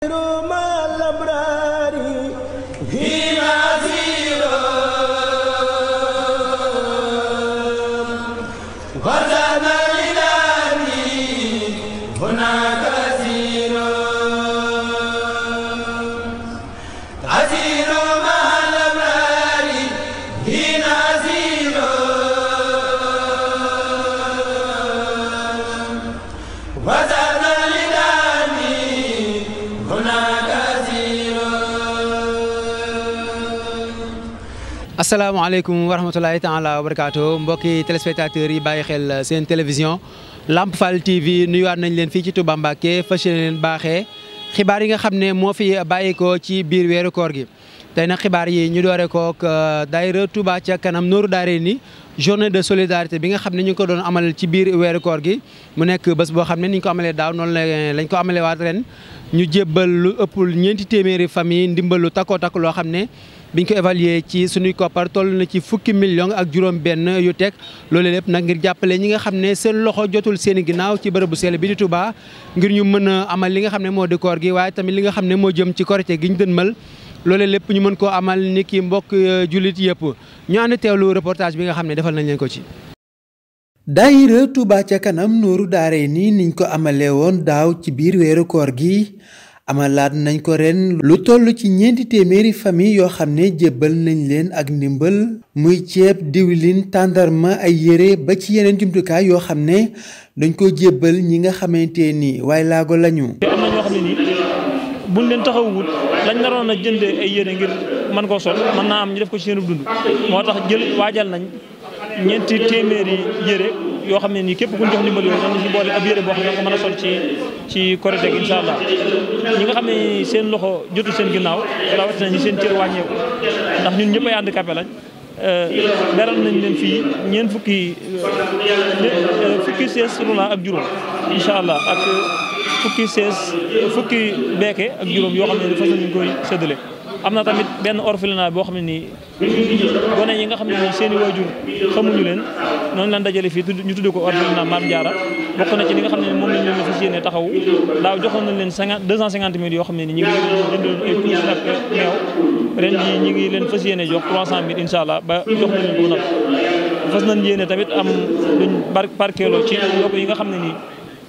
Pero asalaamaaleykum wa rahmatulahi taala wa barakaatu mbokki téléspectateurs yi bàyyi xel seen télévision Lamp Fall TV nuyuwaat nañ leen fii ci Touba Mbacké fas yéene leen baaxee xibaar yi nga xam ne moo fi bàyyikoo ci biir weeru koor gi. tey nag xibaar yi ñu doore kook euh, daayira Touba ca kanam nooru daare ni journée de solidarité bi nga xam ne ñu ngi ko doon amal ci biir weerukoor gi mu nekk bës boo xam ne ni ko amalee daaw noonu lañ ko amale waat ren ñu jébbal lu ëpp ñeenti téeméeri famille ndimbalu takkoo takk loo xam ne. biñ ko évaluer ci suñuy koppar toll na ci fukki million ak juróom-benn yu teg loolu lépp nag ngir jàppale ñi nga xam ne seen loxo jotul seeni ginnaaw ci bërëbu sell bi di tubaa ngir ñu mën a amal li nga xam ne moo di koor gi waaye tamit li nga xam ne moo jëm ci korite gi ñu dënmal loole lépp ñu mën koo amal ni ki mbokk euh, jullit yëpp ñu ànd teewlu reportage bi nga xam ne defal nañ leen ko ci. daayira Touba ca kanam nooru daare nii niñ ko amalee woon daaw ci biir weeru gi amalaat nañ ko ren lu toll ci ñeenti téeméeri famille yoo xam ne jébbal nañ leen ak ndimbal muy ceeb diwlin tàndarma ay yére ba ci yeneen jumtukaay yoo xam ne dañ ko jébbal ñi nga xamante ni waaye laago lañu. am na ñoo xam ne nii buñ leen taxawut lañ naroon a jëndee ay yére ngir mën koo sol mën naa am ñu def ko ci seen dund moo tax jël waajal nañ ñeenti téeméeri yére. yoo xam ne nii képp ku ñu jox ndimbal yooyu dañu si boole ab yére boo xam ne ci ci korite gi incha nga xam ne seen loxo jotul seen ginnaaw rawatina ñi seen cër wàññeeku ndax ñun ñëpp ay handicapé lañ euh, beral nañ leen fii ñeen fukki euh, fukki sees roulant ak juróom incha allah ak fukki sees fukki beeke ak juróom yoo xam ne dafa ñu koy séddale am na tamit benn orphelinat boo xam ne nii gone yi nga xam ne nii seen i waajur xamuñu leen noonu lañ dajale fii ñu tudd ko orphelinat Mame Diarra bokk na ci li nga xam ne ni moom lañ leen fas yéene taxaw daaw joxoon nañ leen cinquante deux cent cinquante mille xam ne ni ñu ngi ñu ngi leen fas yéene jox trois cent mille incha allah ba jox nañ leen ko nag fas nañ yéene tamit am luñ barkeeloo ci mbokk yi nga xam ne nii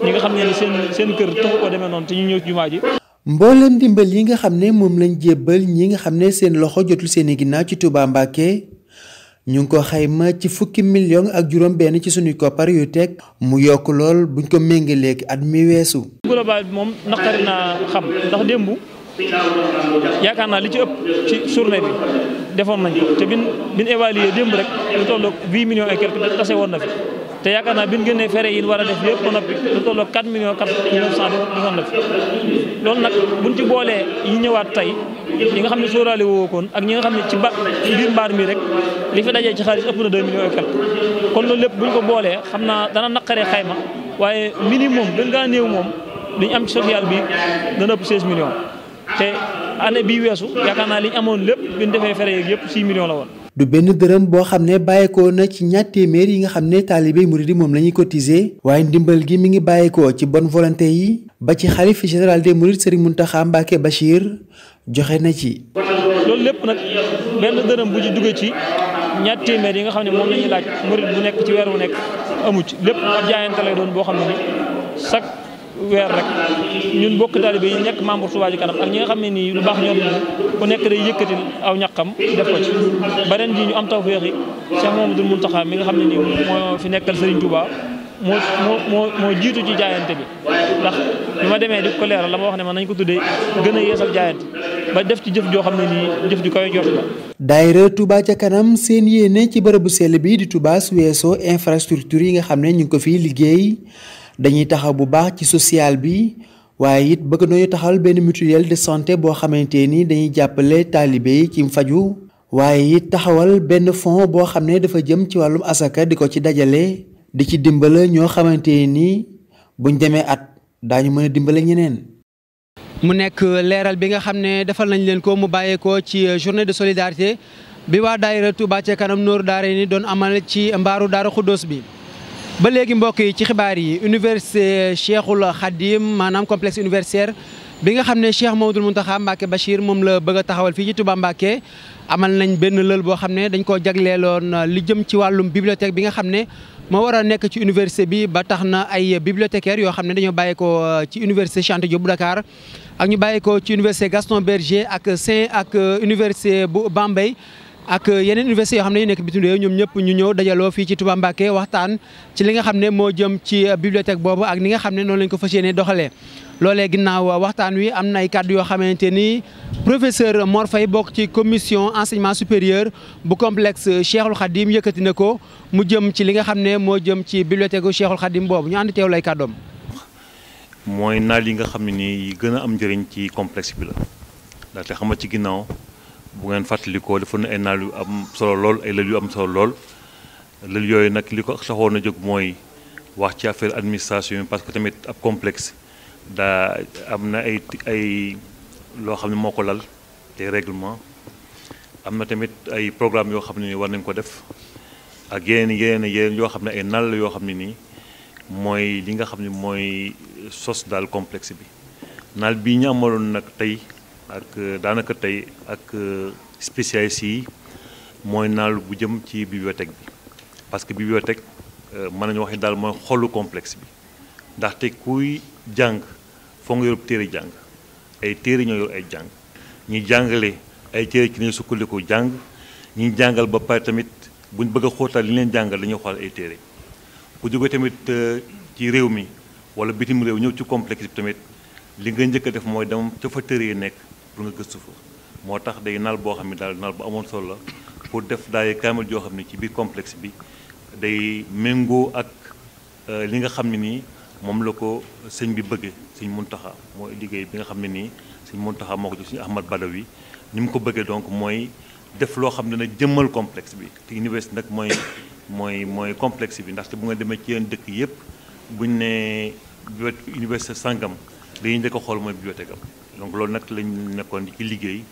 ñi nga xam ne ni seen seen kër taxu ko demee noonu te ñëw ci jumaa ji mboolem ndimbal yi nga xam ne moom lañ jébbal ñi nga xam ne seen loxo jotul seeni ginnaaw ci Touba Mbacké ñu ngi ko xayma ci fukki million ak juróom benn ci suñuy koppar yu teg mu yokk lool buñ ko méngaleeg at mi weesu. global bi naa xam ndax démb yaakaar naa li ci ëpp ci journée bi defoon nañ te bin bin démb rek lu toll ak 8 millions et quelque tase woon na fi. te yaakaar naa bi ñu génnee fere yi war a def yëpp noppi lu tolloo 4 millions 4 neuf cent defoon na fi loolu ci boolee yi ñëwaat tey yi nga xam ne sóoraale woo koon ak ñi nga xam ne ci ba biir mbaar mi rek li fi dajee ci xaalis ëpp na 2 millions et quelque kon loolu lépp buñ ko boolee xam naa dana naqaree xayma waaye minimum gën ngaa néew moom li ñu am ci social bi dana ëpp 16 millions te année bii weesu yaakaar naa li ñu amoon lépp bi ñu defee fere yeeg yëpp woon du benn dërëm boo xam ne bàyyeekoo na ci ñaar yi nga xam ne taalibe muridi moom lañuy ñuy waaye ndimbal gi mi ngi bàyyeekoo ci bonne volonté yi ba ci xalif général des mourides Serigne Mountakha Mbacké Bachir joxe na ci. loolu lépp nag benn dërëm bu ci duggee ci ñaar yi nga xam ne moom la laaj murid bu nekk ci weer nekk amu lépp jaayante lay doon boo xam ne chaque weer rek ñun bokk taalibe yi nekk membre Touba Ca Kanam ak ñi nga xam ne nii lu baax ñoo ku nekk day yëkkati aw ñaqam def ko ci beneen ji ñu am tawfeex yi Cheikh Mamadou Mountakha mi nga xam ne nii moo fi nekkal Serigne Touba moo moo moo jiitu ci jaayante bi ndax bi ma demee di ko la ma wax ne man nañ ko tuddee gën a yeesal jaayante ba def ci jëf joo xam ne nii jëf ji koy jot la. daayira Touba ca kanam seen yéene ci bërëbu sell bi di Touba su weesoo infrastructure yi nga xam ne ñu ngi ko fiy liggéey. dañuy taxaw bu baax ci social bi waaye it bëgg nañu taxawal benn mutuelle de santé boo xamante nii dañuy jàppale taalibe yi ci faju waaye it taxawal benn fonds boo xam ne dafa jëm ci wàllum asaka di ko ci dajale di ci dimbala ñoo xamante ni buñ demee at daañu mën a dimbale ñeneen. mu nekk leeral bi nga xam ne defal nañ leen ko mu bàyyeekoo ci journée de solidarité bi waa daayira Touba ca kanam nooru daara ni doon amal ci mbaaru daara xuddoos bi ba léegi mbokk yi ci xibaar yi université Cheikhul Khadim maanaam complexe universitaire bi nga xam ne Cheikh mun taxa Mbacké Bachir moom la bëgg a taxawal fii ci Touba Mbacké amal nañ benn lël boo xam ne dañ koo jagleeloon li jëm ci wàllum bibliothèque bi nga xam ne moo war a nekk ci université bi ba tax na ay bibliothécaires yoo xam ne dañoo bàyyeekoo euh, ci université Cheikh Anta Diop bu Dakar ak ñu bàyyeekoo ci université Gaston Berger ak Saint ak euh, université bu Bambey ak yeneen université yoo xam ne yu nekk bitim réew ñoom ñëpp ñu ñëw dajaloo fii ci Touba waxtaan ci li nga xam ne moo jëm ci bibliothèque boobu ak ni nga xam ne noonu lañ ko fas yéene doxalee loolee ginnaaw waxtaan wi am na ay yoo xamante ni professeur Mor fay bokk ci commission enseignement supérieur bu complexe Cheikhul Khadim yëkkati na ko mu jëm ci li nga xam ne moo jëm ci bibliothèque Cheikhul Khadim boobu ñu ànd teew lay kàddoom mooy naal yi nga xam ne nii gën a am njëriñ ci complexe bi ci ginnaaw bu ngeen fàttalikoo defoon na ay naal yu am solo lool ay lël yu am solo lool lël yooyu nag li ko saxoon a jóg mooy wax ci affaire administration parce que tamit ab complexe daa am na ay ay loo xam ne moo ko lal te règlement am na tamit ay programme yoo xam ne nii war nañ ko def ak yeneen yeneen yeneen yoo xam ne ay naal la yoo xam ne nii mooy li nga xam ne mooy sos daal complexe bi naal bii ñu amaloon nag tey ak euh, daanaka tey ak euh, spécialistes yi mooy naal bu jëm ci bibliothèque bi parce que bibliothèque euh, mën nañu wax ni daal mooy xolu complexe bi ndaxte kuy jàng foo nga yorub téere jàng ay téere ñoo yor ay jàng ñi jàngale ay téere ci nañu sukkandiku jàng ñi jàngal ba pare tamit bu buñ bëgg a xóotal li leen jàngal dañuy xool ay téere ku jóge tamit ci réew mi wala bitim réew ñëw ci complexe bi tamit li nga njëkk def mooy dem ca fa téere nekk pour gëstu fa moo tax day nal boo xam ne daal nal bu amoon solo la pour def daay kaamil joo xam ne ci biir complexe bi day méngoo ak euh, li nga xam ne nii moom la ko sëñ bi bëggee mun taxa mooy liggéey bi nga xam ne nii mun Muntaxa moo ko jox sëñ Ahmad Badawi ni mu ko bëggee donc mooy def loo xam ne na jëmmal complexe bi te université nag mooy mooy mooy complexe bi ndaxte bu nga demee ci yenn dëkk yëpp buñ ne bibliothèque université sangam dañuy njëkk a xool mooy bibliothèque donc loolu nag lañ nekkoon ci liggéey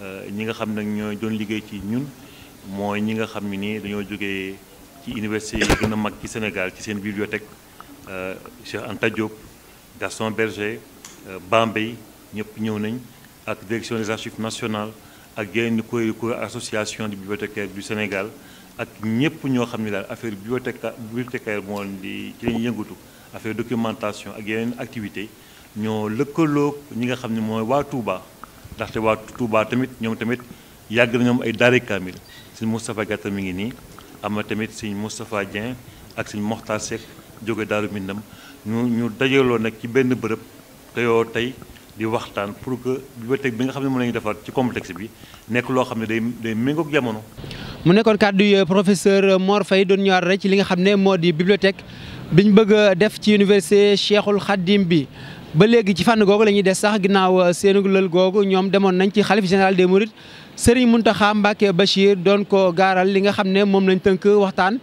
euh, ñi nga xam nag ñoo doon liggéey ci ñun mooy ñi nga xam ne nii dañoo jógee ci université yi gën mag ci Sénégal ci seen bibliothèque euh, Cheikh Anta Diop Gaston Berger euh, Bambey ñëpp ñëw nañ ak direction des archives nationales ak yeneen kuréel kuréel association di bibliothécaires du Sénégal ak ñëpp ñoo xam ne daal affaire bibliothécaire bibliothécaire moo di ci lañuy yëngatu affaire documentation ak yeneen activité ñoo lëkkaloog ñi nga xam ne mooy waa tuuba ndaxte waa Touba tamit ñoom tamit yàgg na ñoom ay daare kaamil sëñ Moustapha Gata mi ngi nii ama na tamit sëñ Moustapha Dieng ak sëñ Mokhtar Seck jóge Daaru Mbindam ñu ñu dajaloo nag ci benn bërëb te yoo tey di waxtaan pour que bibliothèque bi nga xam ne mën nañu defar ci complexe bi nekk loo xam ne day day méngoog jamono. mu nekkoon kàddu yi professeur Mor Faye doon ñëwaat rek ci li nga xam ne moo di bibliothèque biñ bëgg a def ci université Cheikhul Khadim bi. ba léegi ci fànn googu la ñuy des sax ginnaaw euh, seenu lël googu ñoom demoon nañ ci xalif général des mourides Serigne Mountakha Mbacké Bachir doon ko gaaral li nga xam ne moom lañu tënk waxtaan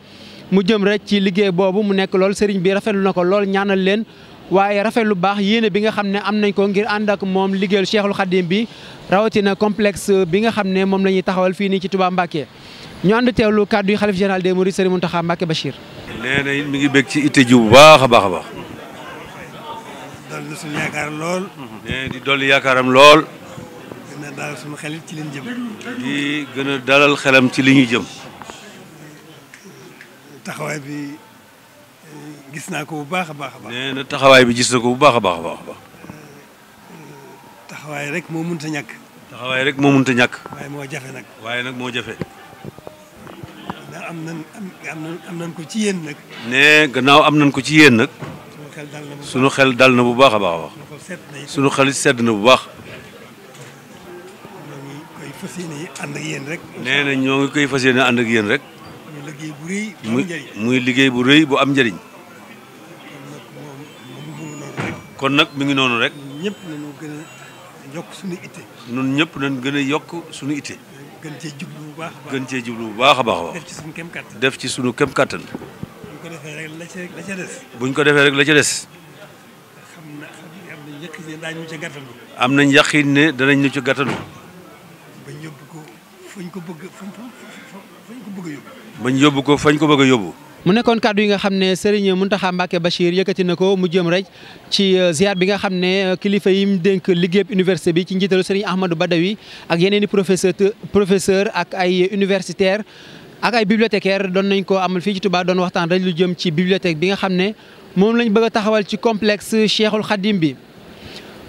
mu jëm rek ci liggéey boobu mu nekk lool Serigne bi rafetlu na ko lool ñaanal leen waaye rafet lu baax yéene bi nga xam ne am nañ ko ngir ànd ak moom liggéeyal Cheikhul Khadim bi rawatina complexe bi nga xam ne moom la ñuy taxawal fii nii ci Touba Mbacké ñu ànd teewlu kàddu yi xalif général des Mourides Serigne Mountakha Mbacké ci itte ji bu baax a a dolli lool. di dolli yaakaaram lool. gën a dalal xel ci li jëm. di gën a dalal xelam ci li ñu jëm. taxawaay bi gis naa ko bu baax a baax a baax. taxawaay bi gis na ko bu baax a baax a baax. taxawaay rek moo mun ta ñàkk. taxawaay rek moo ta ñàkk. waaye moo jafe nag. waaye nag moo jafe. am nan am nan am nan ko ci yéen nag. nee gannaaw am nan ko ci yéen nag. sunu xel dal na bu baax a baax a baax sedd na bu baax. nee na ñoo ngi koy fas yéene ànd ak yéen rek. muy muy liggéey bu rëy bu am njëriñ. kon nag mi ngi noonu rek. yokk suñu itte. ñun ñëpp nañ gën a yokk suñu itte. gën cee jublu baax gën cee jublu bu baax a baax. def ci suñu kem kattan defee rek la ca des. bu ñu ko defee rek la ca des. am nañ yaqin ne danañ ñu ci gàttanu. bañ yóbbu ko fañ ko bëgg bañ ko fañ ko bëgg a yóbbu. mu nekkoon kàddu yi nga xam ne Serigne mun Mbacké Bachir yëkkati na ko mu jëm rek ci euh, ziar bi nga xam ne euh, kilifa yi mu dénk liggéey université bi ci njiitalu Serigne Ahmadou Badawi ak yeneen i professeur professeur ak ay universitaire ak ay bibliothécaire doon nañ ko amal fii ci tubaa doon waxtaan rek lu jëm ci bibliothèque bi nga xam ne moom lañ bëgg a taxawal ci complexe Cheikhul Khadim bi.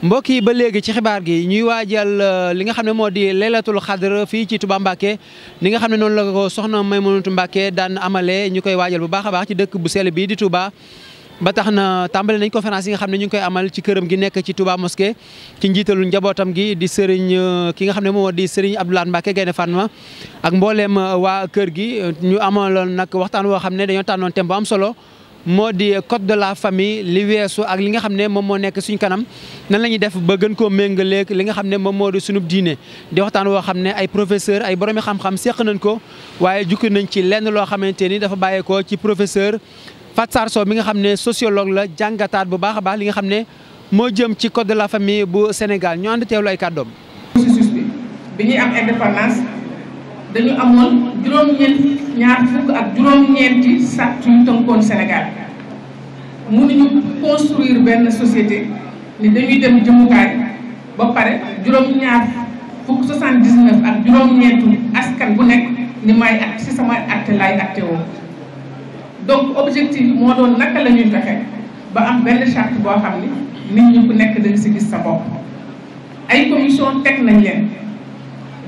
mbokk yi ba léegi ci xibaar gi ñuy waajal euh, li nga xam ne moo di laylatul xadr fii ci Touba Mbacké ni nga xam ne noonu la ko soxna Maymunatu Mbacké daan amale ñu koy waajal bu baax a ci dëkk bu sell bii di tubaa ba tax na tàmbali nañ conférence yi nga xam ne ñu ngi koy amal ci këram gi nekk ci Touba mosquée ci njiitalu njabootam gi di Serigne euh, ki nga xam ne moom di Serigne Abdoulaye Mbacke Gaynde Fatma ak mbooleem euh, waa kër gi ñu amaloon nag waxtaan woo xam ne dañoo tànnoon thème bu am solo moo di code de la famille li weesu ak li nga xam ne moom moo nekk suñ kanam nan la ñuy def ba gën koo méngaleeg li nga xam ne moom moo di suñu diine di waxtaan woo xam ne ay professeur ay boromi xam-xam seq nañ ko waaye jukki nañ ci lenn loo xamante ni dafa bàyyeekoo ci professeur Fat Sarr Sow nga xam ne sociologue la jàngataat bu baax a baax li nga xam ne moo jëm ci code de la famille bu Sénégal ñoo ànd teewlu ay kàddoom. bi ñuy am indépendance dañu amoon juróom-ñeent ñaar fukk ak juróom-ñeenti sàrt yu tënkoon Sénégal mënuñu construire benn société ni dañuy dem jëmukaay ba pare juróom-ñaar fukk 79 ak juróom-ñeentu askan bu nekk ni may at si sama atte laay atte donc objectif moo doon naka la ñuy fexe ba am benn chart boo xam ni nit ñi ku nekk dañu si gis sa bopp ay commission teg nañ leen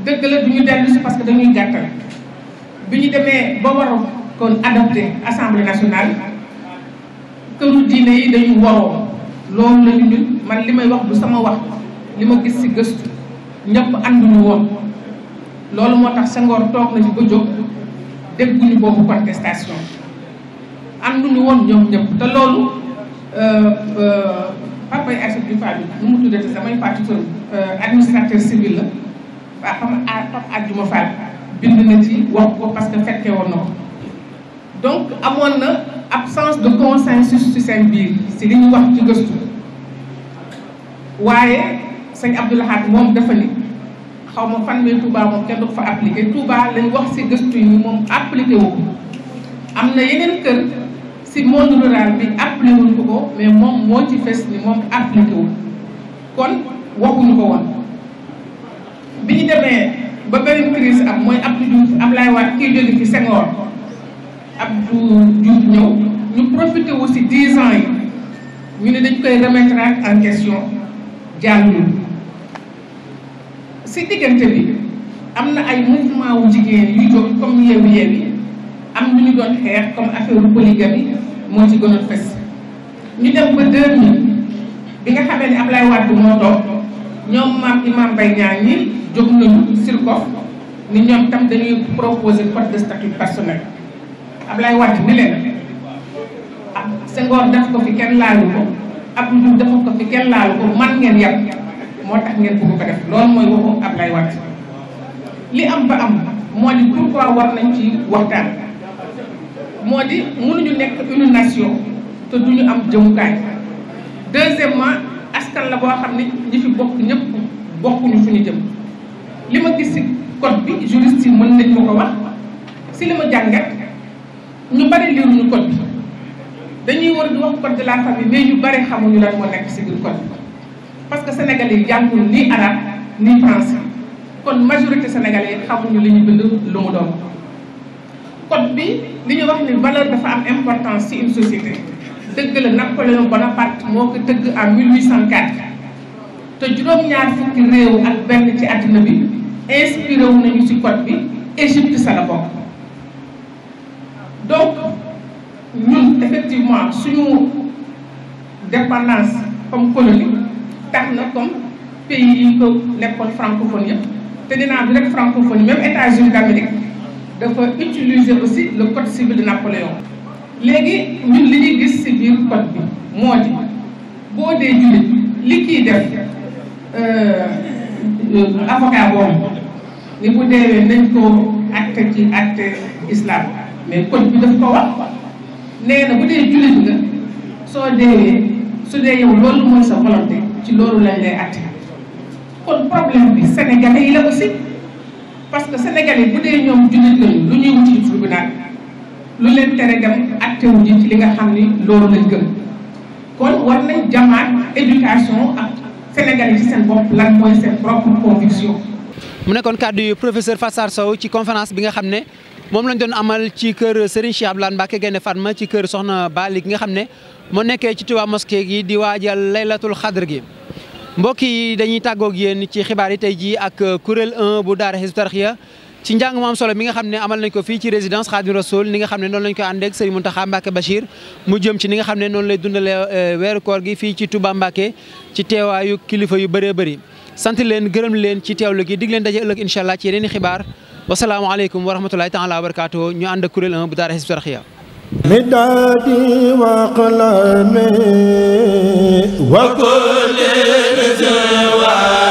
dëgg la du ñu dellu si parce que dañuy gàttal bi ñu demee ba war kon adopté assemblée nationale këru diine yi dañu waroo loolu la ñu man li may wax du sama wax li ma gis si gëstu ñëpp ànduñu woon loolu moo tax Senghor toog nañu ba jóg dégguñu boobu contestation ànduñu woon ñoom ñëpp te loolu papay archive du famille nu mu tuddati samay partiteur administrateur civil la waa xam a ah, bind na ci wax ko parce que fekkee woon na donc amoon na absence de consensus ci seen biir si li ñu wax ci gëstu waaye sëñ Abdoulahat moom dafa ni xaw ma fan wee Touba moom kenn du fa appliqué Touba lañ wax si gëstu yi moom appliqué wu am na yeneen kër si monde rural bi appelé wuñ ko ko mais moom moo ci fes ni moom appliqué wul kon waxuñu ko woon bi ñu demee ba beneen crise am mooy Abdou Diouf Ablaye ñëw ñu profité wu si dix ans yi ñu ne dañ koy remettre en question jàllul si diggante bi am na ay mouvement wu jigéen yu jóg comme yeewu yeew yi am lu ñu doon xeex comme affaire polygamie moo si gën a fës ñu dem ba 2000 bi nga xamee ne Ablaye Wade moo toog ñoom maam Imam Mbaye Niang ñi jóg nañu SIRCOP ni ñoom tam dañuy proposer code de statut personnel lay Wade ne leen ah Senghor def ko fi kenn laalu ko Abdou Diouf def ko fi kenn laalu ko man ngeen yàpp moo tax ngeen bëgg mu def loolu mooy waxu Ablaye Wade li am ba am moo di pourquoi war nañ ci waxtaan. moo di mënuñu nekk une nation te du duñu am jëmukaay deuxièmement askan la boo xam ne ñi fi bokk ñëpp bokkuñu fu ñu jëm li ma gis ci code bi juriste yi mën nañ ma ko wax si li ma jàngat ñu bari liiruñu code bi dañuy war di wax code de la famille mais ñu bari xamuñu lan nekk si parce que sénégalais yi jàngul nii arabe kon majorité sénégalais yi xamuñu li ñu bind lu mu doon code bi li ñu wax ni valeur dafa am importance ci une société dëgg la Napoléon Bonaparte moo ko tëgg en 1804 te juróom-ñaar fukki réew ak benn ci àddina bi inspiré wu nañu ci code bi Égypte sa la bokk donc ñun effectivement suñu dépendance comme colonie tax na comme pays yi ko nekkoon francophone yëpp te dinaa du rek francophone même États-Unis d'Amérique dafa utiliser aussi le code civil de Napoléon. léegi ñun li gis ci biir code bi moo di boo dee jullit li kii def euh, euh, avocat boobu ni bu deewee nañ ko acte ci acte islam mais code bi daf ko wax nee na bu dee jullit nga soo deewee su dee yow loolu mooy sa volonté ci loolu lañ lay acte kon problème bi sénégalais yi la aussi. parce que sénégalais bu dee ñoom jullit lañu lu ñuy wuti ci tribunal lu leen tere dem attewu ji ci li nga xam ni loolu lañ gëm kon war nañ jamaat éducation ak sénégalais ci seen bopp lan mooy seen propre conviction. mu nekkoon kàddu yi professeur Fassar Sow ci conférence bi nga xam ne moom lañ doon amal ci kër Serigne Cheikh Abdoulaye Mbacké Gaïndé Fatma ci kër Soxna Bali gi nga xam ne moo nekkee ci Touba mosquée gi di waajal laylatul xadr gi. mbokk yi dañuy tàggoog yéen ci xibaar yi tey jii ak euh, kuréel bu daara Hizbut ci njàng mu solo mi nga xam ne amal nañ ko fii ci résidence Khadim Rasoul ni nga xam ne noonu lañ ko àndee ak Serigne Mountakha Mbacké mu jëm ci ni nga xam ne noonu lay dundalee euh, weeru koor gi fii ci Touba Mbacké ci teewaayu kilifa yu bëree bëri sant leen gërëm leen ci teewlu gi dig leen daje ëllëg incha allah ci yeneen i xibaar wasalaamaaleykum wa rahmatulahi taala wa barakaatu ñu ànd ak kuréel 1 bu daara Hizbut Tarqiyyah مدادي wa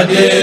ade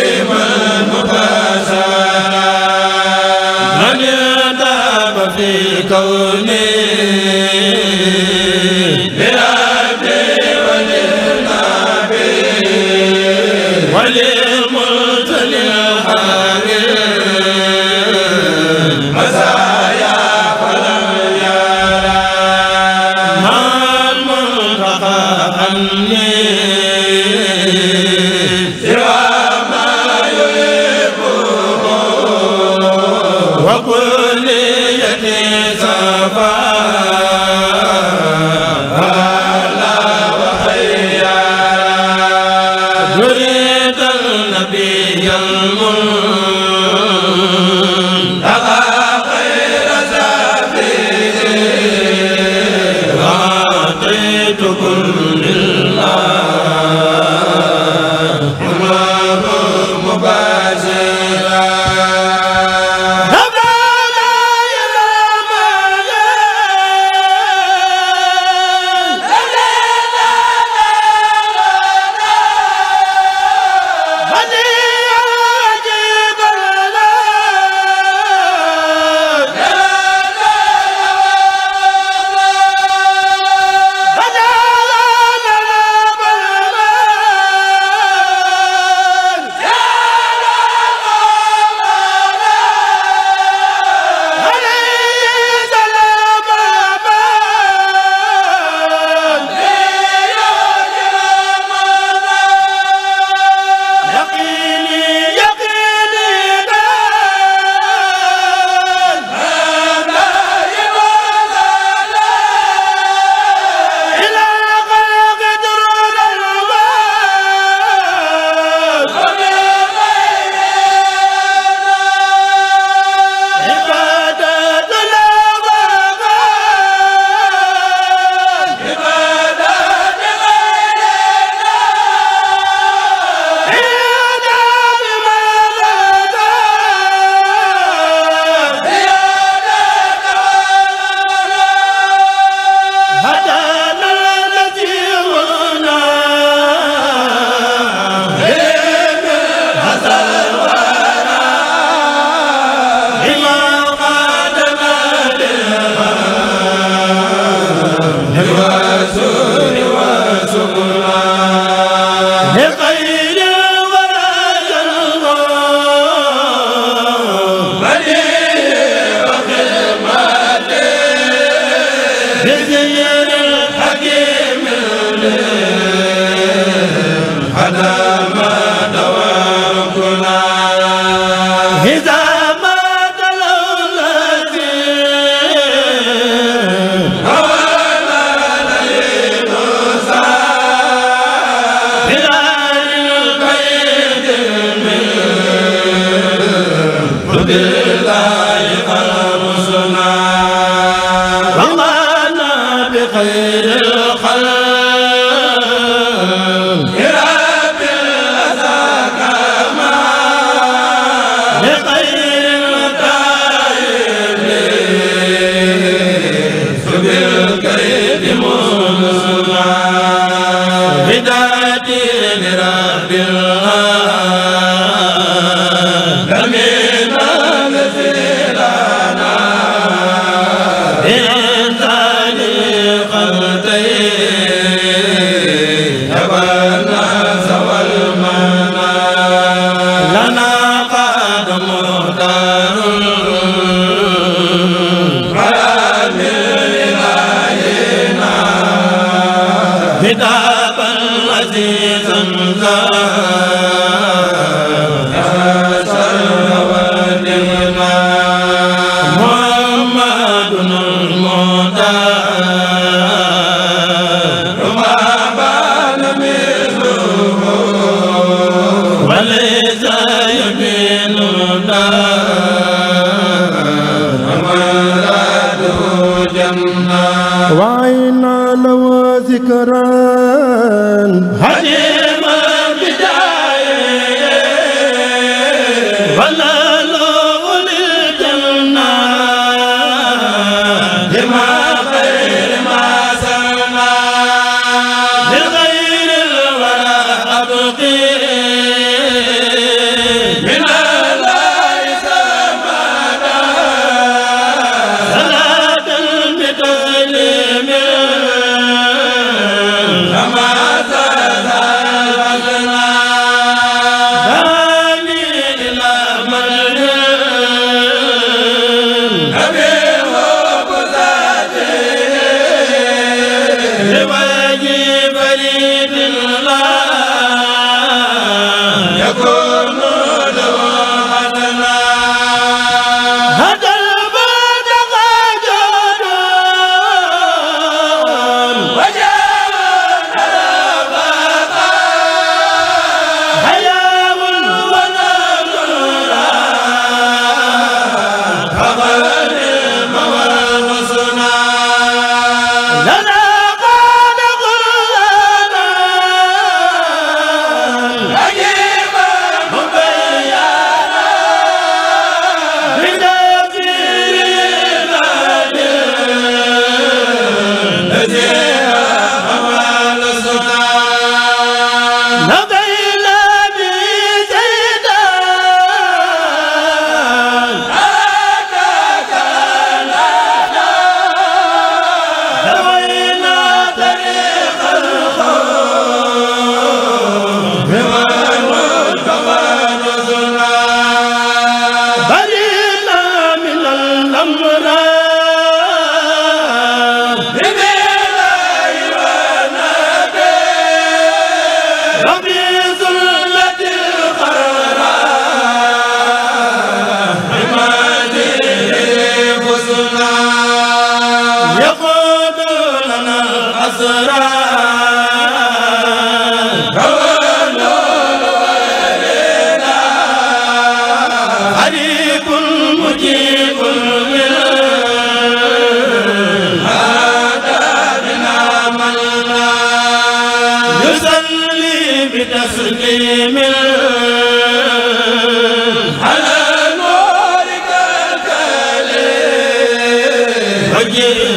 jël